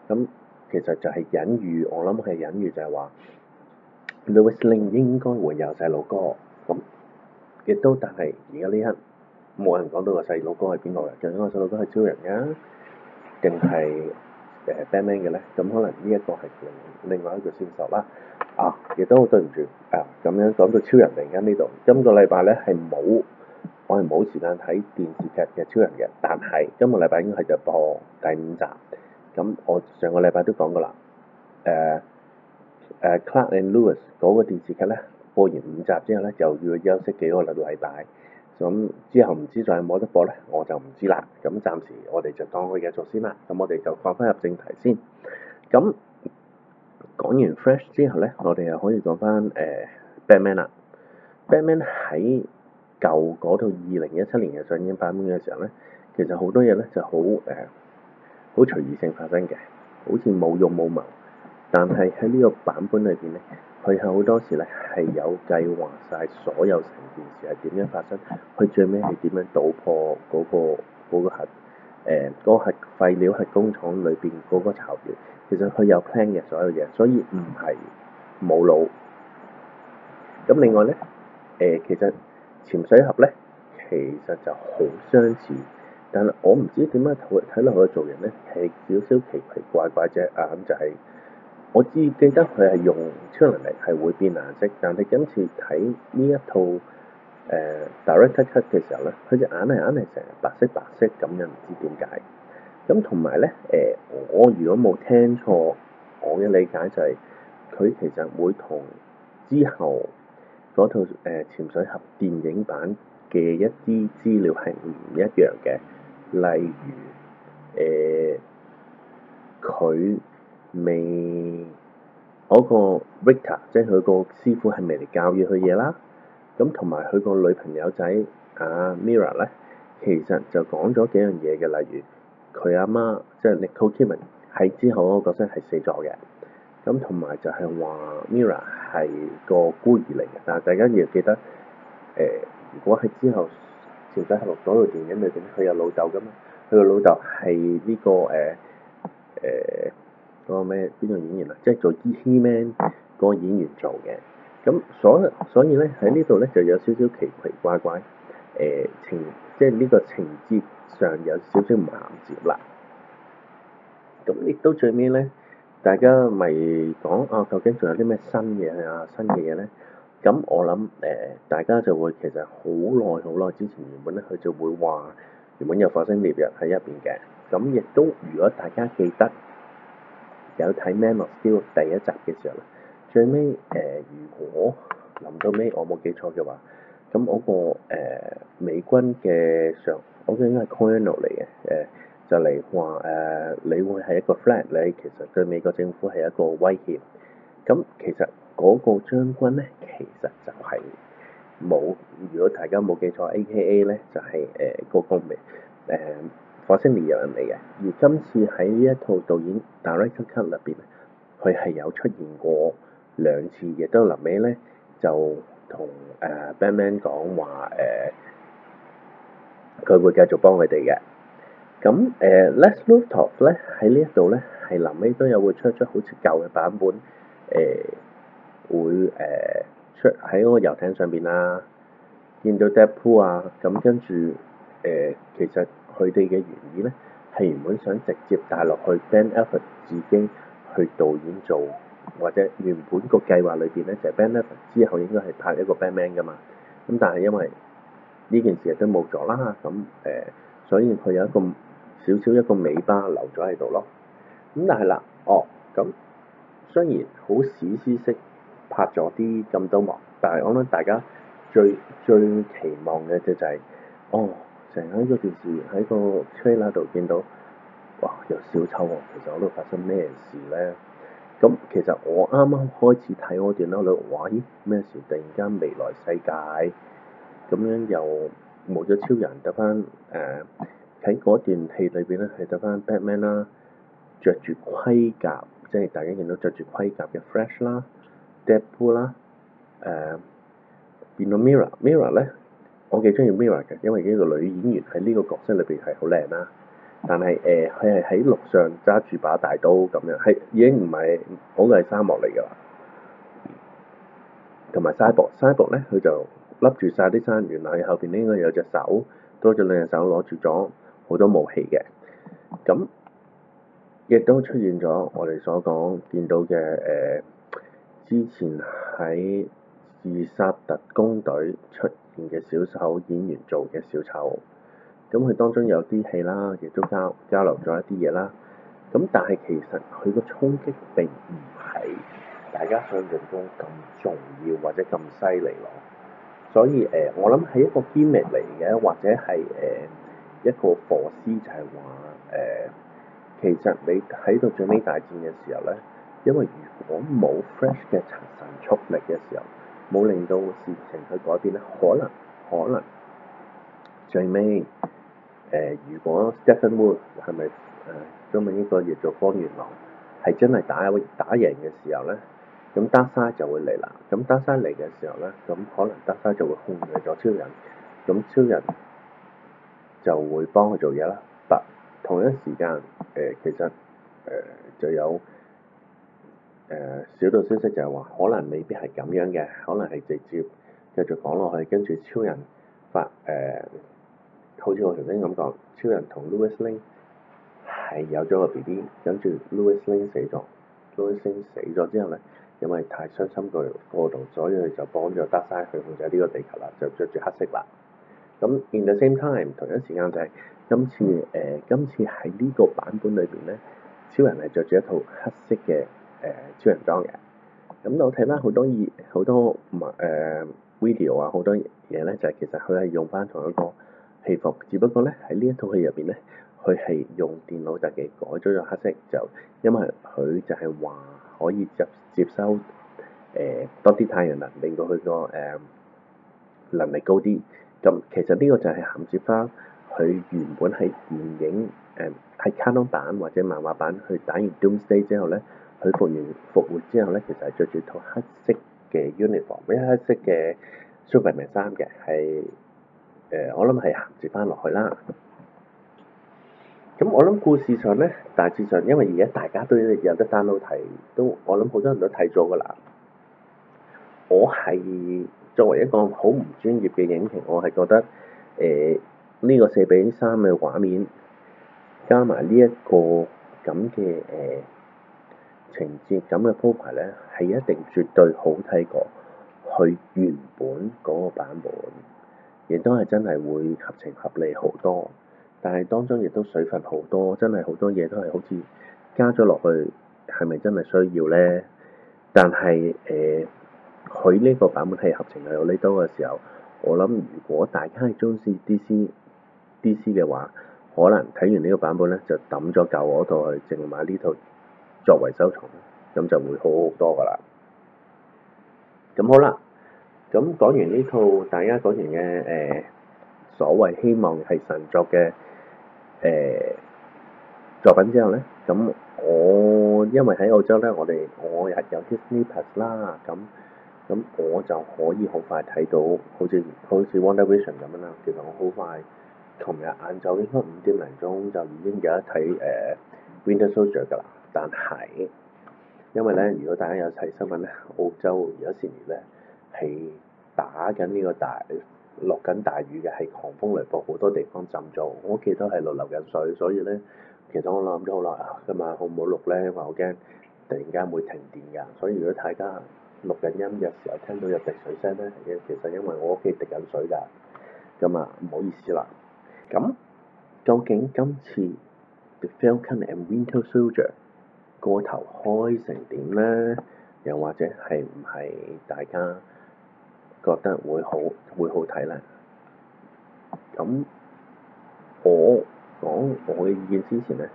咁其實就係隱喻，我諗係隱喻就係話 ，Lois Lane 應該會有細路哥，咁亦都但係而家呢刻冇人講到個細路哥係邊個嘅，究竟細路哥係超人嘅，定係？誒 Batman 嘅咧，咁、嗯、可能呢一個係另另外一個線索啦。啊，亦都好對唔住啊，咁樣講到超人突然間呢度，今個禮拜咧係冇，我係冇時間睇電視劇嘅超人嘅。但係今個禮拜應該係就播第五集，咁、啊、我上個禮拜都講過啦。誒、啊、誒、啊、Clark and Lewis 嗰個電視劇咧播完五集之後咧，就要休息幾個禮禮拜。咁之後唔知仲有冇得播咧，我就唔知啦。咁暫時我哋就當佢嘢做先啦。咁我哋就放翻入正題先。咁講完 fresh 之後咧，我哋又可以講翻誒 Batman 啦。Batman 喺舊嗰套二零一七年嘅上映版本嘅時候咧，其實好多嘢咧就好誒，好、呃、隨意性發生嘅，好似冇用冇謀。但係喺呢個版本裏邊咧。佢係好多時咧係有計劃晒所有成件事係點樣發生，佢最尾係點樣倒破嗰、嗰個嗰個核誒嗰個核廢料核工廠裏邊嗰個巢穴，其實佢有 plan 嘅所有嘢，所以唔係冇腦。咁另外咧誒、呃，其實潛水盒咧其實就好相似，但係我唔知點解睇落去做人咧係少少奇奇怪怪啫，啊咁就係、是。我只記得佢係用超能力係會變顏色，但係今次睇呢一套誒、呃、Director Cut 嘅時候咧，佢隻眼係眼係成日白色白色咁又唔知點解。咁同埋咧誒，我如果冇聽錯，我嘅理解就係、是、佢其實會同之後嗰套誒、呃、潛水俠電影版嘅一啲資料係唔一樣嘅，例如誒佢。呃未嗰、那個 Rita，即係佢個師傅，係未嚟教育佢嘢啦。咁同埋佢個女朋友仔阿、啊、Mera 咧，其實就講咗幾樣嘢嘅，例如佢阿媽即係 Nicole Kidman 喺之後嗰個角色係死咗嘅。咁同埋就係話 Mera 係個孤兒嚟嘅，但係大家要記得，誒、呃，如果係之後前集六嗰部電影裏邊，佢有老豆嘅嘛，佢個老豆係呢個誒誒。呃呃嗰個咩邊個演員啊？即係做 Eman 嗰個演員做嘅。咁所所以咧喺呢度咧就有少少奇奇怪怪。誒、呃、情即係呢個情節上有少少唔銜接啦。咁亦都最尾咧，大家咪講啊，究竟仲有啲咩新嘅啊，新嘅嘢咧？咁我諗誒、呃，大家就會其實好耐好耐之前原本咧佢就會話，原本有火星獵人喺入邊嘅。咁亦都如果大家記得。有睇《Man of Steel》第一集嘅時候，最尾誒、呃，如果諗到尾我冇記錯嘅話，咁嗰個美軍嘅上，我記得應該係 Colonel 嚟嘅，誒、呃、就嚟話誒，你會係一個 Flat，你其實對美國政府係一個威脅。咁其實嗰個將軍咧，其實就係冇。如果大家冇記錯，A.K.A. 咧就係誒嗰個名誒。呃火星獵人嚟嘅，而今次喺呢一套導演 director cut 入邊，佢係有出現過兩次，亦都臨尾咧就同誒、呃、Batman 講話誒，佢、呃、會繼續幫佢哋嘅。咁、呃、誒，Lex Luthor 咧喺呢一度咧係臨尾都有會出一出好似舊嘅版本誒、呃，會誒、呃、出喺個遊艇上邊啦、啊，見到 Deadpool 啊，咁跟住誒、呃、其實。佢哋嘅原意咧，係原本想直接帶落去 Ben Affleck 自己去導演做，或者原本個計劃裏邊咧就 Ben Affleck 之後應該係拍一個 Batman 噶嘛。咁但係因為呢件事都冇咗啦，咁誒、呃，所以佢有一個少少一個尾巴留咗喺度咯。咁但係啦，哦，咁雖然好史詩式拍咗啲咁多幕，但係我諗大家最最期望嘅就就是、係，哦。成日喺個電視喺個 trailer 度見到，哇！有小丑王、哦。其實喺度發生咩事咧？咁其實我啱啱開始睇我段咧，我話咩事？突然間未來世界咁樣又冇咗超人，得翻誒喺嗰段戲裏邊咧係得翻 Batman 啦，着住盔甲，即係大家見到着住盔甲嘅 Flash 啦、Deadpool 啦、誒、呃、變到 Mirror，Mirror 呢？我幾中意 Mila 嘅，因為呢個女演員喺呢個角色裏邊係好靚啦。但係誒，佢係喺陸上揸住把大刀咁樣，係已經唔係好嘅沙漠嚟㗎。同埋 Cyborg Cyborg 咧，佢就笠住晒啲衫。原來佢後邊應該有隻手，多咗兩隻手攞住咗好多武器嘅。咁亦都出現咗我哋所講見到嘅誒、呃，之前喺《自殺特工隊》出嘅小丑演員做嘅小丑，咁佢當中有啲戲啦，亦都交交流咗一啲嘢啦。咁但係其實佢個衝擊並唔係大家想象中咁重要或者咁犀利咯。所以誒、呃、我諗係一個 gimmick 嚟嘅，或者係誒、呃、一個駁師就係話誒其實你喺度最尾大戰嘅時候咧，因為如果冇 fresh 嘅神速力嘅時候。冇令到事情去改變咧，可能可能最尾誒、呃，如果 Stephen Wood 係咪誒，今日呢個叫做光月王係真係打打贏嘅時候咧，咁德莎就會嚟啦。咁德莎嚟嘅時候咧，咁、嗯、可能德莎就會控制咗超人，咁、嗯、超人就會幫佢做嘢啦。但同一時間誒、呃，其實誒就、呃、有。誒小道消息就係話，可能未必係咁樣嘅，可能係直接繼續講落去。跟住超人發誒、呃，好似我頭先咁講，超人同 Louis Ling 係有咗個 B B，跟住 Louis Ling 死咗，Louis Ling 死咗之後咧，因為太傷心過過度，所以就幫咗 Darkseid 去控制呢個地球啦，就着住黑色啦。咁 In the same time，同一時間就係今次誒，今次喺呢、呃、個版本裏邊咧，超人係着住一套黑色嘅。超人裝嘅，咁我睇翻好多熱好多麥、呃、video 啊，好多嘢咧就係、是、其實佢係用翻同一個戲服，只不過咧喺呢一套戲入邊咧，佢係用電腦特技改咗咗黑色，就因為佢就係話可以接接收誒多啲太陽能，令到佢個誒能力高啲。咁其實呢個就係銜接翻佢原本喺電影誒喺、呃、卡通版或者漫畫版去打完 Doomsday 之後咧。佢復完復活之後咧，其實係着住套黑色嘅 uniform，一黑色嘅 superman 衫嘅，係誒、呃、我諗係行住翻落去啦。咁、嗯、我諗故事上咧，大致上因為而家大家都有得 download 睇，都我諗好多人都睇咗噶啦。我係作為一個好唔專業嘅影評，我係覺得誒呢、呃，這個四比三嘅畫面，加埋呢一個咁嘅誒。情節咁嘅鋪排咧，係一定絕對好睇過佢原本嗰個版本，亦都係真係會合情合理好多。但係當中亦都水分好多，真係好多嘢都係好似加咗落去，係咪真係需要咧？但係誒，佢、呃、呢個版本係合情係有呢多嘅時候，我諗如果大家係鍾意 DC DC 嘅話，可能睇完呢個版本咧就抌咗舊嗰套去，淨買呢套。作為收藏咧，咁就會好好多噶啦。咁好啦，咁講完呢套大家講完嘅誒、呃、所謂希望係神作嘅誒、呃、作品之後咧，咁我因為喺澳洲咧，我哋我係有 Disney Pass 啦，咁咁我就可以好快睇到，好似好似 Wonder Vision 咁樣啦。其實我好快尋日晏晝應該五點零鐘就已經有一睇誒 Winter Soldier 噶啦。但係，因為咧，如果大家有睇新聞咧，澳洲而家時年咧係打緊呢個大落緊大雨嘅，係狂風雷暴，好多地方浸咗，我屋企都係落流緊水，所以咧，其實我諗咗好耐，今晚，好唔好錄咧？因為我驚突然間會停電㗎，所以如果大家錄緊音嘅時候聽到有滴水聲咧，其實因為我屋企滴緊水㗎，咁啊唔好意思啦。咁究竟今次 The Falcon and Winter Soldier，個頭開成點咧？又或者係唔係大家覺得會好會好睇咧？咁我講我嘅意見之前咧，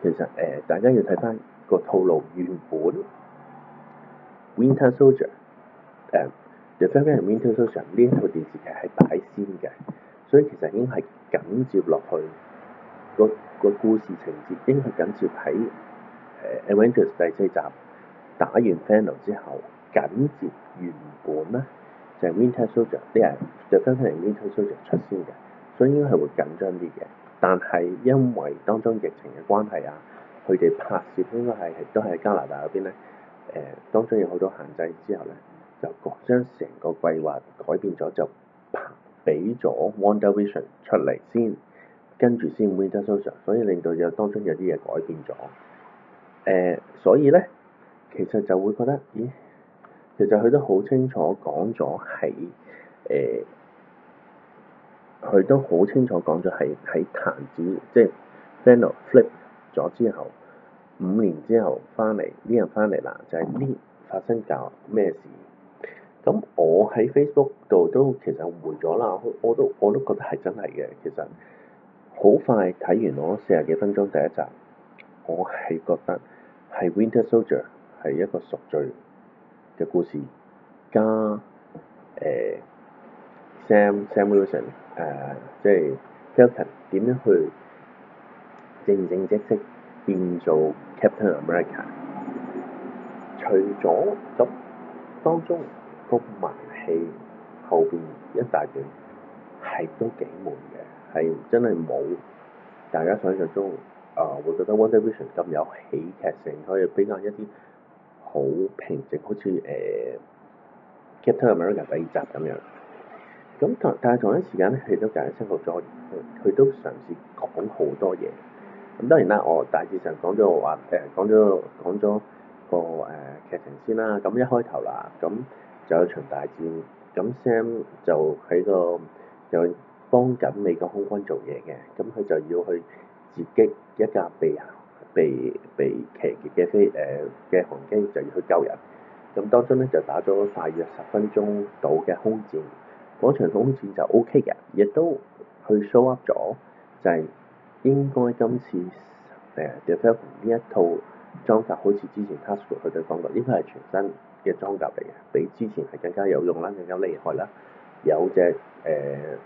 其實誒、呃，大家要睇翻個套路原本《Winter Soldier》，誒，《The Falcon and Winter Soldier》呢一套電視劇係擺先嘅，所以其實已經係緊接落去個個故事情節應該係緊接喺。Avengers》第四集打完《f a n d o，之後，緊接原本呢就係《Winter Soldier》，啲人就更新《Winter Soldier》出先嘅，所以應該係會緊張啲嘅。但係因為當中疫情嘅關係啊，佢哋拍攝應該係都係加拿大嗰邊咧，誒、呃、當中有好多限制之後咧，就改將成個計劃改變咗，就拍俾咗《o n e d i r Vision》出嚟先，跟住先《Winter Soldier》，所以令到有當中有啲嘢改變咗。誒、呃，所以咧，其實就會覺得，咦、嗯，其實佢都好清楚講咗係，誒、呃，佢都好清楚講咗係喺彈指，即係 final flip 咗之後五年之後翻嚟，呢人翻嚟啦，就係、是、呢、嗯、發生咗咩事。咁我喺 Facebook 度都其實回咗啦，我都我都覺得係真係嘅，其實好快睇完我四十幾分鐘第一集，我係覺得。係 Winter Soldier 係一個贖罪嘅故事，加誒，Sam Sam Wilson 誒，即係 Captain 點樣去正正式式變做 Captain America。除咗咁，當中個文戲後邊一大段係都幾悶嘅，係真係冇大家想象中。啊，uh, 我覺得《WandaVision》咁有喜劇性，可以比較一啲好平靜，好似誒《uh, Captain America》第二集咁樣。咁同但係同一時間咧，佢都就係解釋清楚咗，佢都嘗試講好多嘢。咁當然啦，我大致上講咗話誒，講咗講咗個誒劇情先啦。咁一開頭嗱，咁就有場大戰，咁 Sam 就喺個就幫緊美國空軍做嘢嘅，咁佢就要去。自一架被被被騎劫嘅飛誒嘅、呃、航機就要去救人，咁當中咧就打咗大約十分鐘到嘅空戰，嗰場空戰就 O K 嘅，亦都去 show up 咗，就係、是、應該今次誒 develop 呢一套裝甲好似之前 Tasuku 佢哋講過，呢個係全新嘅裝甲嚟嘅，比之前係更加有用啦，更加厲害啦，有隻誒、呃、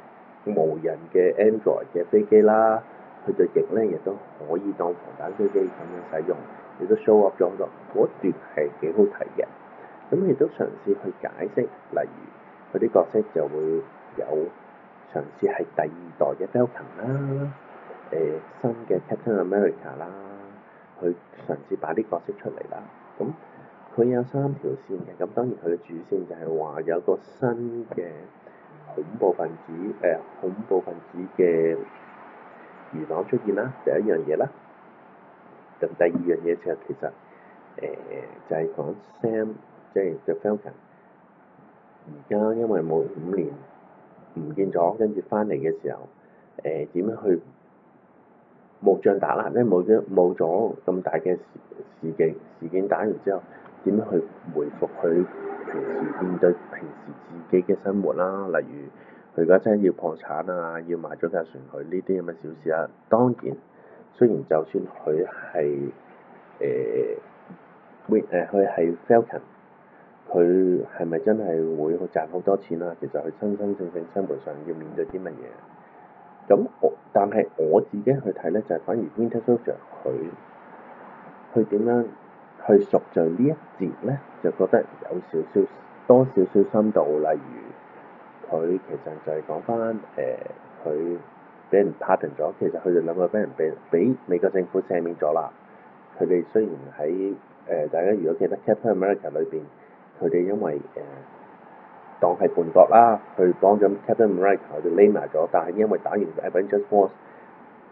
無人嘅 Android 嘅飛機啦。呃佢對翼咧亦都可以當防彈背脊咁樣使用，亦都 show up 咗好多，嗰段係幾好睇嘅。咁亦都嘗試去解釋，例如佢啲角色就會有嘗試係第二代嘅 Falcon 啦，誒新嘅 Captain America 啦，佢嘗試擺啲角色出嚟啦。咁、嗯、佢有三條線嘅，咁當然佢嘅主線就係話有個新嘅恐怖分子，誒、呃、恐怖分子嘅。娛樂出現啦，第一樣嘢啦，同第二樣嘢就係其實誒、呃、就係、是、講 Sam 即係 The Falcon 而家因為冇五年唔見咗，跟住翻嚟嘅時候誒點樣去無仗打啦？因為冇咗冇咗咁大嘅事事件事件打完之後，點樣去回復佢平時面對平時自己嘅生活啦？例如。佢而家真係要破產啊，要賣咗架船去呢啲咁嘅小事啊，當然雖然就算佢係誒會誒佢係 Falcon，佢係咪真係會去賺好多錢啊？其實佢真真正正生活上要面對啲乜嘢？咁我但係我自己去睇咧，就係、是、反而 Winter Soldier 佢佢點樣去塑造呢一節咧，就覺得有少少多少少深度，例如。佢其實就係講翻誒，佢、呃、俾人 pardon 咗，其實佢哋兩個俾人俾俾美國政府赦免咗啦。佢哋雖然喺誒、呃，大家如果記得 Captain America 裏邊，佢哋因為誒、呃、當係叛國啦，去幫咗 Captain America，佢哋匿埋咗，但係因為打完 Avengers Force，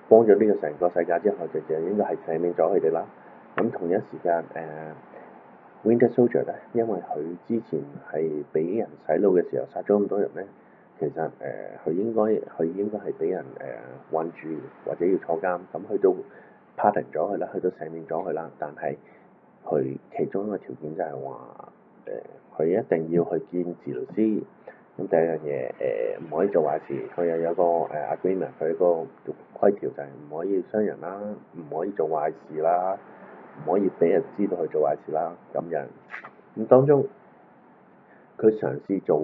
幫咗呢個成個世界之後，就就應該係赦免咗佢哋啦。咁、嗯、同一時間誒。呃 Winter Soldier 咧，因為佢之前係畀人洗腦嘅時候殺咗咁多人咧，其實誒佢、呃、應該佢應該係畀人誒韞住或者要坐監，咁去到 pattern 咗佢啦，去到赦免咗佢啦，但係佢其中一個條件就係話誒佢一定要去見治療師，咁第二樣嘢誒唔可以做壞事，佢又有個誒 agreement，佢個條規條就係唔可以傷人啦，唔可以做壞事啦。唔可以畀人知道佢做壞事啦，咁樣咁當中，佢嘗試做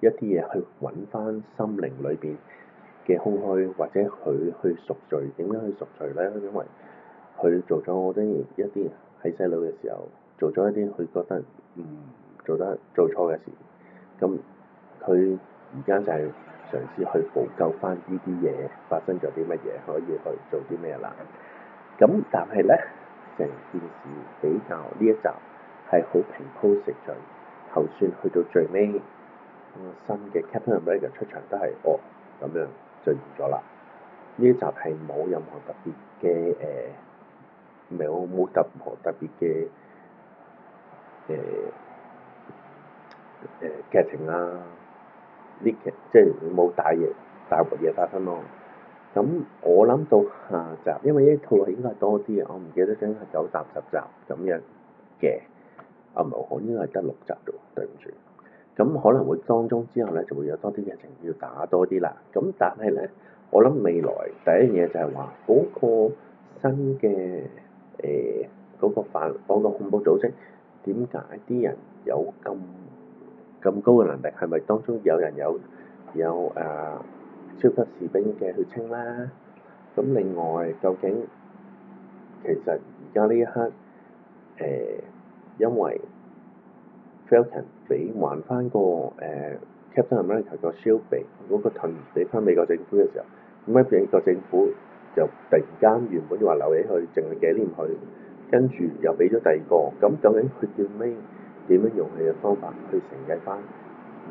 一啲嘢去揾翻心靈裏邊嘅空虛，或者佢去贖罪，點樣去贖罪咧？因為佢做咗啲一啲喺細路嘅時候做咗一啲佢覺得唔、嗯、做得做錯嘅事，咁佢而家就係嘗試去補救翻呢啲嘢發生咗啲乜嘢，可以去做啲咩啦？咁但係咧。成件事比較呢一集係好平鋪直敍，就算去到最尾，新嘅 Captain America 出場都係哦，咁樣就完咗啦。呢一集係冇任何特別嘅誒，冇、呃、冇任何特別嘅誒誒劇情啦。呢劇即係冇打嘢，打乜嘢發生咯～咁我諗到下集，因為呢套係應該多啲嘅，我唔記得咗係九集十集咁樣嘅。唔，可能應該係得六集喎，對唔住。咁可能會當中之後咧就會有多啲劇情要打多啲啦。咁但係咧，我諗未來第一嘢就係話嗰個新嘅誒嗰個反網絡、嗰個、恐怖組織，點解啲人有咁咁高嘅能力？係咪當中有人有有誒？呃超級士兵嘅血清啦，咁另外究竟其實而家呢一刻，誒、呃，因為 Falcon 俾還翻個誒 Captain America 個 Shield，嗰個盾俾翻美國政府嘅時候，咁咧美國政府就突然間原本話留起佢，淨係紀念佢，跟住又畀咗第二個，咁、嗯、究竟佢最尾點樣用佢嘅方法去承繼翻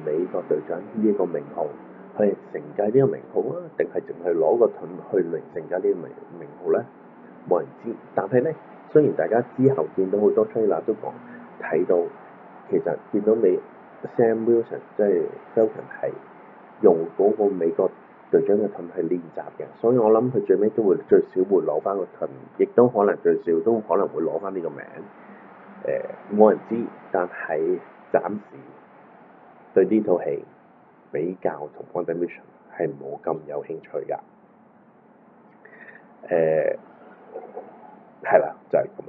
美國隊長呢一個名號。係承繼呢個名號啊，定係淨係攞個盾去嚟承繼呢個名名號咧？冇人知。但係咧，雖然大家之後見到好多 trailer 都講睇到，其實見到你 Sam Wilson 即係 Falcon 係用嗰個美國隊長嘅盾去練習嘅，所以我諗佢最尾都會最少會攞翻個盾，亦都可能最少都可能會攞翻呢個名。誒、呃，冇人知。但係暫時對呢套戲，比較同 foundation 係冇咁有興趣噶，誒、呃，係啦，就係、是、咁。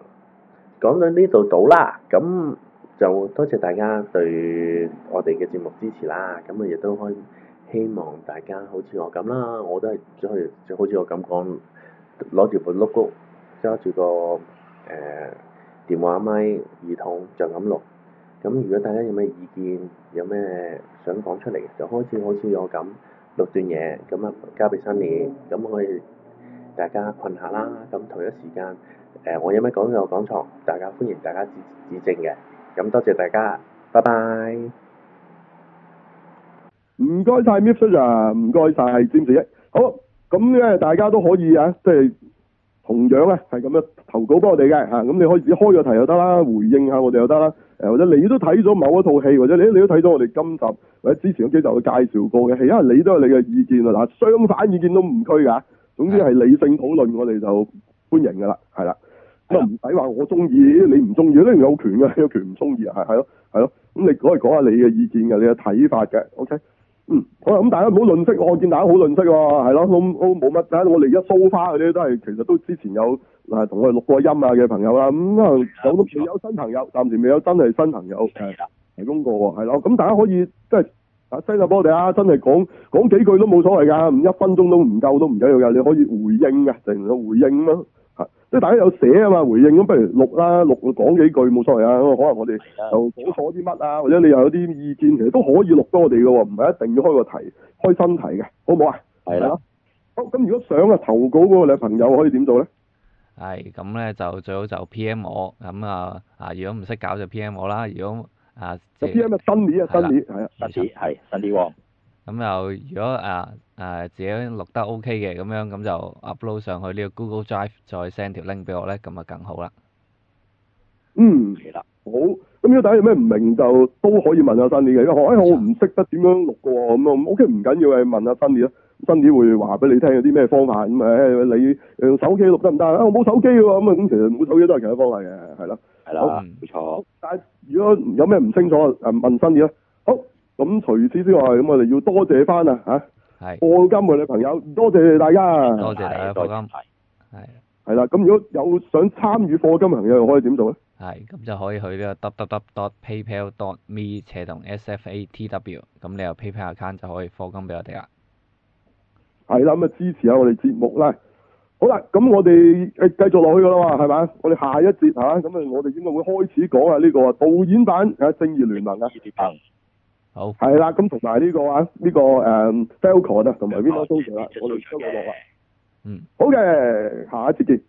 講到呢度到啦，咁就多謝大家對我哋嘅節目支持啦。咁啊亦都可以希望大家好似我咁啦，我都係即係即好似我咁講，攞住部碌谷，揸住個誒電話咪耳筒就咁錄。咁如果大家有咩意見，有咩想講出嚟，就開始好似我咁六段嘢，咁啊交俾新年，咁可以大家困下啦，咁同一時間，誒、呃、我有咩講就講錯，大家歡迎大家指指正嘅，咁多謝大家，拜拜。唔該晒 Mythsearcher，唔該曬 James，好，咁咧大家都可以啊，即係。同樣咧係咁樣投稿俾我哋嘅嚇，咁你可以自己開個題就得啦，回應下我哋又得啦。誒或者你都睇咗某一套戲，或者你你都睇咗我哋今集或者之前嗰幾集介紹過嘅戲，因為你都係你嘅意見啊，嗱相反意見都唔拘㗎。總之係理性討論，我哋就歡迎㗎啦，係啦咁啊唔使話我中意你唔中意都有權㗎，有權唔中意啊，係係咯係咯，咁你可以講一下你嘅意見嘅，你嘅睇法嘅，OK。嗯，好、嗯、啊，咁、嗯、大家唔好吝嗇，我見大家好吝嗇喎，係咯，咁好冇乜，睇下我嚟咗蘇花嗰啲都係，其實都之前有啊同我哋錄過音啊嘅朋友啦，咁可能講到未有新朋友，暫時未有真係新朋友，係提供過喎，係咯，咁、嗯、大家可以即係啊新加坡哋啊真係講講幾句都冇所謂噶，唔一分鐘都唔夠都唔緊要噶，你可以回應噶，就咁回應咯。即係大家有寫啊嘛回應咁，不如錄啦，錄講幾句冇所謂啊。可能我哋就講錯啲乜啊，或者你又有啲意見，其實都可以錄多我哋噶，唔係一定要開個題，開新題嘅，好唔好的啊？係啦。好，咁如果想啊投稿嗰個女朋友可以點做咧？係咁咧，就最好就 P M 我咁啊啊。如果唔識搞就 P M 我啦。如果啊，P M 啊，就 PM 新年啊，新年，係啊的，新年係新年。咁又、嗯、如果啊啊自己錄得 O K 嘅咁樣咁就 upload 上去呢個 Google Drive 再 send 條 link 俾我咧，咁啊更好啦、嗯。嗯。係啦。好，咁如果大家有咩唔明就都可以問阿 Sunny 嘅。學閪、哎，我唔識得點樣錄噶喎，咁啊 O K 唔緊要嘅，問阿 Sunny 啦。Sunny 會話俾你聽有啲咩方法咁啊、嗯？你用手機錄得唔得啊？我冇手機喎，咁啊咁其實冇手機都係其他方法嘅，係啦。係啦。冇錯。但係如果有咩唔清楚啊，誒、嗯、問 Sunny 啦。咁除此之外，咁我哋要謝謝、啊、是多謝翻啊嚇，係課金嘅朋友，多謝大家，多謝大家課金，係，係，係啦。咁如果有想參與課金朋友，又可以點做咧？係咁就可以去呢個 www.paypal.me 斜同 sfatw，咁你又 PayPal account，就可以課金俾我哋啦。係啦，咁啊支持下我哋節目啦。好啦，咁我哋誒繼續落去噶啦嘛，係咪？我哋下一節嚇，咁啊，我哋應該會開始講下呢、呢個導演版啊，正義聯盟啊。好，係啦，咁同埋呢個啊，呢、呢個誒、um，Falcon 啊，同埋 Winter Soldier 啦，我哋都佢落啦。嗯，好嘅，下一次見。